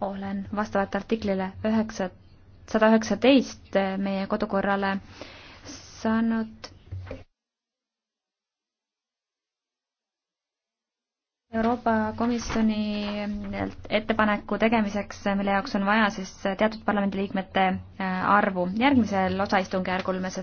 olen vastavalt artiklile üheksa, sada üheksateist meie kodukorrale saanud Euroopa Komisjoni ettepaneku tegemiseks, mille jaoks on vaja siis teatud parlamendiliikmete äh, arvu. järgmisel osaistungjärgul me seda